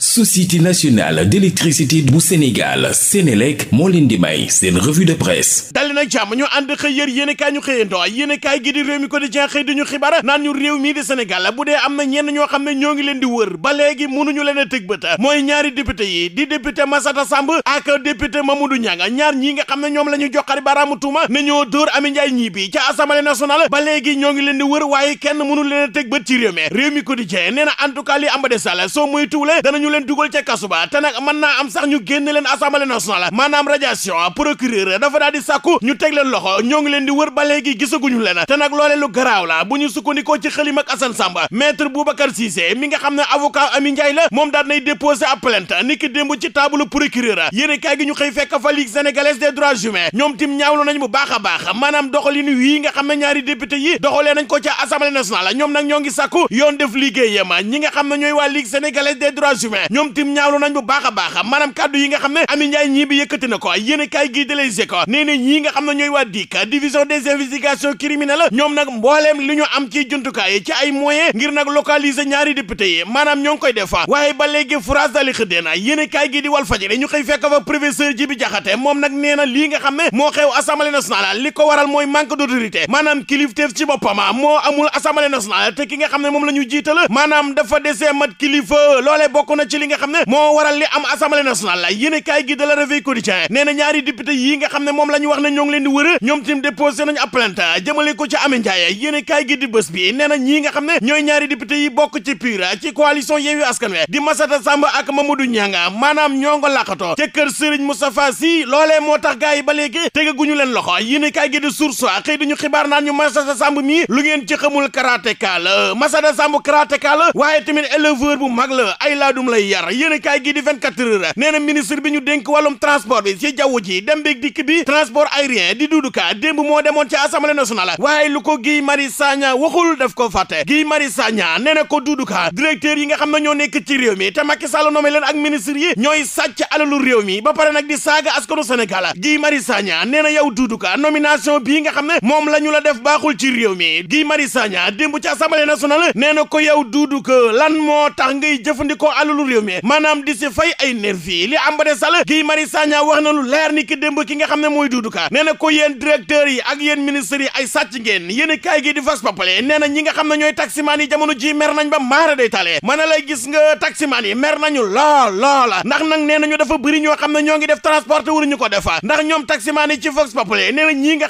société nationale d'électricité bu Sénégal Sénélec moo leen di may seen revue de presse dali nag jàmm ñu ànd xëy yér yéenekaay ñu xëyandoo yéenekaay gi di réew mi quotidien xëy di ñu xibaar naan ñu réew mii di Sénégal bu dee am na ñenn ñoo xam ne ñoo ngi leen di wër ba léegi mënuñu leen a tëg bët mooy ñaari député yi di député Massata Samb ak député Mamadou Niang ñaar ñii nga xam ne ñoom la ñu joxari baraamu tuuma ne ñoo dóor Amy Ndiaye Gniby ngi leen di wër waaye en tout ñu leen dugal ca kasu ba te nag am sax ñu génn leen assemblée nationale maanaam radiation ah dafa daal di ñu teg leen loxo ñoo ngi leen di wër ba léegi gisaguñu leen te lu garaaw la bu ñu sukkandikoo ci xëlim ak Samba maître Boubacar Cissé mi xam ne avocat Ami la moom daal nay déposé ab plainte niki démb ci taabalu procureur yéene kaay gi ñu xëy fekk fa Ligue sénégalaise des droits humains ñoom tim ñaawlu nañ bu baax a baax maanaam ñoom tim ñaawlu nañ bu baax a baax maanaam kàddu yi nga xam ne Ami Ndiaye ñii bi yëkkati na ko yéen kaay gii dalaysé ko nee na ñii nga xam ne ñooy waa waaye ba léegi France dali xëddee na yéen gii di Walf Fadjri ñu xëy fekk fa professeur Djibi Diakhaté moom nag nee lii nga xam ne moo xew assemblée nationale li ko waral mooy manque d'autorité maanaam kilifteef ci boppam moo amul assemblée nationale te ki nga xam ne moom la jiital maanaam dafa ci li nga xam ne moo waral li am assemblée nationale la yéen a kaay gi la Réveil quotidien nee na ñaari député yi nga xam ne moom la wax ne ñoo ngi leen di wër ñoom tim déposé nañu ab jëmale ko ci Amy Ndiaye yéen a kaay gi ñii nga xam ne ñooy ñaari député yi bokk ci PUR ci coalition Yewwi Askan Wi di Massata Samb ak Mamadou Nianga maanaam ñoo nga làqatoo ca kër Serigne Moustapha Sy loolee moo tax gars yi ba léegi tegaguñu leen loxo yéen a kaay gi di source xëy dañu xibaar naan ñu Massata lu ngeen ci xamul karatéka la Massata Samb karatéka la waaye tamit éleveur bu mag la la lay yar yéen a kaay gi di 24 heures nee ministre bi ñu dénk wàllum transport bi ci jaww ji dem beeg dikk bi transport aérien di Doudou Ka démb moo demoon ci assemblée nationale waaye lu ko Guy Marius Sagna waxul daf ko fàtte Guy Marius Sagna nee na ko Doudou Ka directeur yi nga xam ne ñooy sàcc alalu réew ba pare nag di saaga askanu Sénégal Guy Marius Sagna nee na yow Doudou Ka nomination bii nga xam ne moom la ñu la def baaxul ci réew mi Guy Marius Sagna démb ci assemblée nationale nee ko yow Doudou Ka lan moo tax ngay jëfandikoo alalu alalu réew mi maanaam fay ay nervi li am ba de sal Guy Marius Sagna wax na lu leer ni ki démb ki nga xam ne mooy Doudou Ka ko yéen directeurs yi ak yéen ministres ay sàcc ngeen yéen i kaay di fas papale nee ñi nga xam ne ñooy taximaan yi jamono ji mer nañ ba maara day tale mën lay gis nga taximaan yi mer nañu lool loola ndax nag nee nañu dafa bëri ñoo xam ne ñoo ngi def transporté wuruñu ko defa ndax ñoom taximaan yi ci vox populi nee ñi nga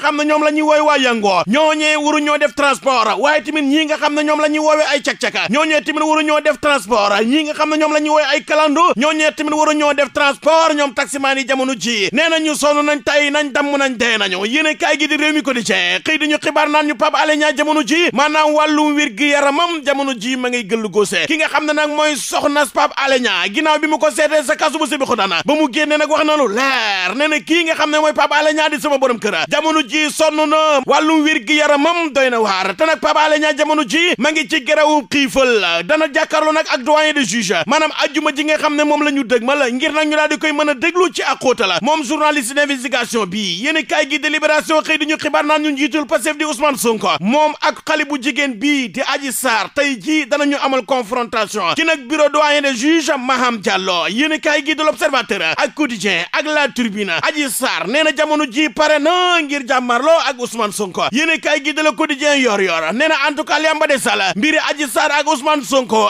la ñuy wooye ay kalandoo ñoo ñee tamit waru ñoo def transport ñoom taximaan yi jamono ji nee nañu sonn nañ tay nañ damm nañ dee nañu yéene kaay gi di réew ko di cee xëy diñu ñu Pape Alé Niang jamono ji maanaam wàllum wér gi yaramam jamono ji ki nga xam ne na mooy soxna Pape Alé Niang ginnaaw bi mu ko seetee sa kasu bu sibi xudaana ba mu génnee nag wax na leer nee kii nga xam ne mooy Pape Alé Niang di sama borom kër jamono ji sonn na wàllum wér gi yaramam doy na waar te nag Pape Alé Niang jamono ji ma ngi ci gerawu xiifal dana jàkkaarloo nag ak doyen de juge maanaam maanaam ajjuma ji nga xam ne moom la ñu dëg ma la ngir nag ñu daal di koy mën a déglu ci àqóota la moom journaliste d'investigation bi yéen kaay gi délibération xëy di ñu xibaar naan ñu njiitul Pastef di Ousmane Sonko moom ak xale jigéen bii di Adji Sarr tey jii danañu amal confrontation ci nag bureau doyen des juges Maham Diallo yéen kaay gi de l'Observateur ak Quotidien ak La Tribune Adji Sarr nee na ji pare na ngir jàmmarloo ak Ousmane Sonko yéen kaay gi de Le Quotidien yor yor nee na en tout cas li am ba desal mbiri Adji ak Ousmane Sonko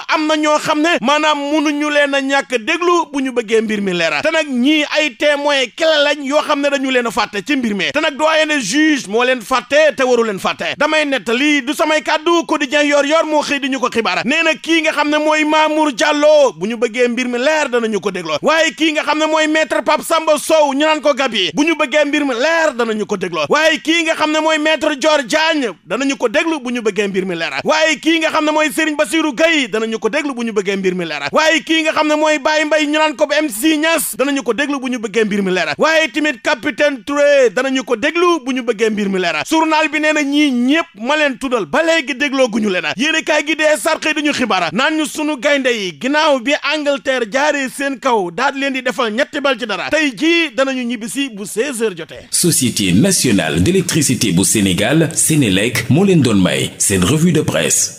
mënuñu leen a ñàkk déglu bu ñu bëggee mbir mi leeral te nag ñii ay témoin kele lañ yoo xam ne dañu leen a fàtte ci mbir mi te nag doyen de juge moo leen fàtte te waru leen fàtte damay nettali du samay kàddu quotidien yor yor moo xëy di ñu ko xibaar nee na kii nga xam ne mooy Mamour Diallo bu ñu bëggee mbir mi leer danañu ko dégloo waaye kii nga xam ne mooy maître Pape Samba Sow ñu naan ko Gabi bu ñu bëggee mbir mi leer danañu ko dégloo waaye kii nga xam ne mooy maître Dior Diagne danañu ko déglu bu ñu bëggee mbir mi leer waaye kii nga xam ne mooy Serigne Bassirou Gueye danañu ko déglu bu ñu bëggee mbir mi leer waaye tey kii nga xam ne mooy Baye Mbaye ñu naan ko ba MC Niass danañu ko déglu bu ñu bëggee mbir mi leera waaye tamit capitaine Touré danañu ko déglu bu ñu bëggee mbir mi leera journal bi nee na ñii ñëpp ma leen tuddal ba léegi dégloo gu ñu leena yéene kaay gi dee sarxëy dañu xibaara naan ñu sunu gaynde yi ginnaaw bi Angleterre jaaree seen kaw daal leen di defal ñetti bal ci dara tey jii danañu ñibbisi bu 16 heures jotee société nationale d'électricité bu Sénégal Sénélec moo leen doon may seen revue de presse